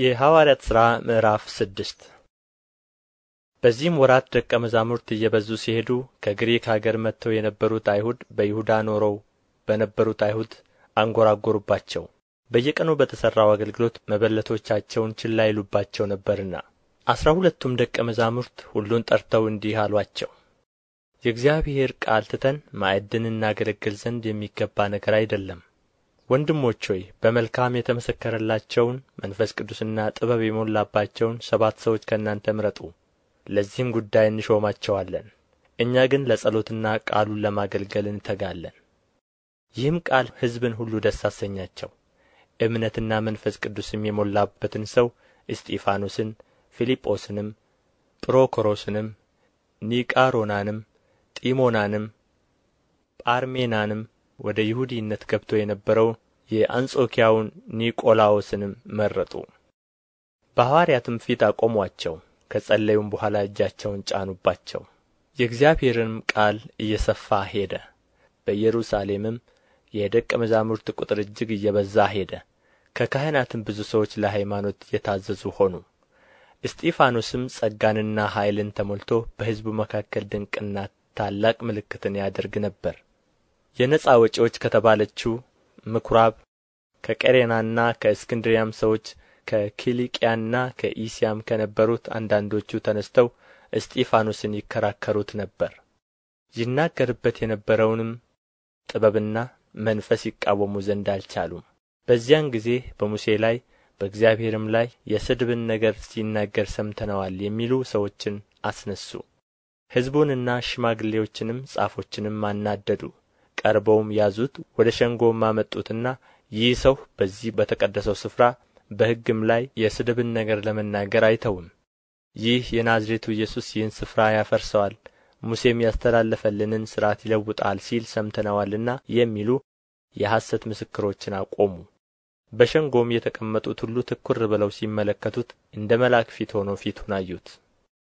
የሐዋርያት ሥራ ምዕራፍ ስድስት በዚህም ወራት ደቀ መዛሙርት እየበዙ ሲሄዱ ከግሪክ አገር መጥተው የነበሩት አይሁድ በይሁዳ ኖረው በነበሩት አይሁድ አንጎራጎሩባቸው። በየቀኑ በተሠራው አገልግሎት መበለቶቻቸውን ችላ ይሉባቸው ነበርና። አስራ ሁለቱም ደቀ መዛሙርት ሁሉን ጠርተው እንዲህ አሏቸው፣ የእግዚአብሔር ቃል ትተን ማዕድን እናገለግል ዘንድ የሚገባ ነገር አይደለም። ወንድሞች ሆይ በመልካም የተመሰከረላቸውን መንፈስ ቅዱስና ጥበብ የሞላባቸውን ሰባት ሰዎች ከእናንተ ምረጡ፣ ለዚህም ጉዳይ እንሾማቸዋለን። እኛ ግን ለጸሎትና ቃሉን ለማገልገል እንተጋለን። ይህም ቃል ሕዝብን ሁሉ ደስ አሰኛቸው። እምነትና መንፈስ ቅዱስም የሞላበትን ሰው እስጢፋኖስን፣ ፊልጶስንም፣ ጵሮኮሮስንም፣ ኒቃሮናንም፣ ጢሞናንም፣ ጳርሜናንም ወደ ይሁዲነት ገብቶ የነበረው የአንጾኪያውን ኒቆላዎስንም መረጡ። በሐዋርያትም ፊት አቆሟቸው። ከጸለዩም በኋላ እጃቸውን ጫኑባቸው። የእግዚአብሔርንም ቃል እየሰፋ ሄደ። በኢየሩሳሌምም የደቀ መዛሙርት ቁጥር እጅግ እየበዛ ሄደ። ከካህናትም ብዙ ሰዎች ለሃይማኖት የታዘዙ ሆኑ። እስጢፋኖስም ጸጋንና ኃይልን ተሞልቶ በሕዝቡ መካከል ድንቅና ታላቅ ምልክትን ያደርግ ነበር። የነጻ ወጪዎች ከተባለችው ምኵራብ ከቀሬናና ከእስክንድርያም ሰዎች ከኪሊቅያና ከኢስያም ከነበሩት አንዳንዶቹ ተነስተው እስጢፋኖስን ይከራከሩት ነበር ይናገርበት የነበረውንም ጥበብና መንፈስ ይቃወሙ ዘንድ አልቻሉም። በዚያን ጊዜ በሙሴ ላይ በእግዚአብሔርም ላይ የስድብን ነገር ሲናገር ሰምተነዋል የሚሉ ሰዎችን አስነሱ። ሕዝቡንና ሽማግሌዎችንም ጻፎችንም አናደዱ። ቀርበውም ያዙት ወደ ሸንጎም አመጡትና ይህ ሰው በዚህ በተቀደሰው ስፍራ በሕግም ላይ የስድብን ነገር ለመናገር አይተውም ይህ የናዝሬቱ ኢየሱስ ይህን ስፍራ ያፈርሰዋል ሙሴም ያስተላለፈልንን ሥርዓት ይለውጣል ሲል ሰምተነዋልና የሚሉ የሐሰት ምስክሮችን አቆሙ። በሸንጎም የተቀመጡት ሁሉ ትኵር ብለው ሲመለከቱት እንደ መልአክ ፊት ሆኖ ፊቱን አዩት።